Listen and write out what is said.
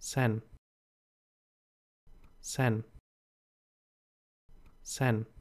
sen sen sen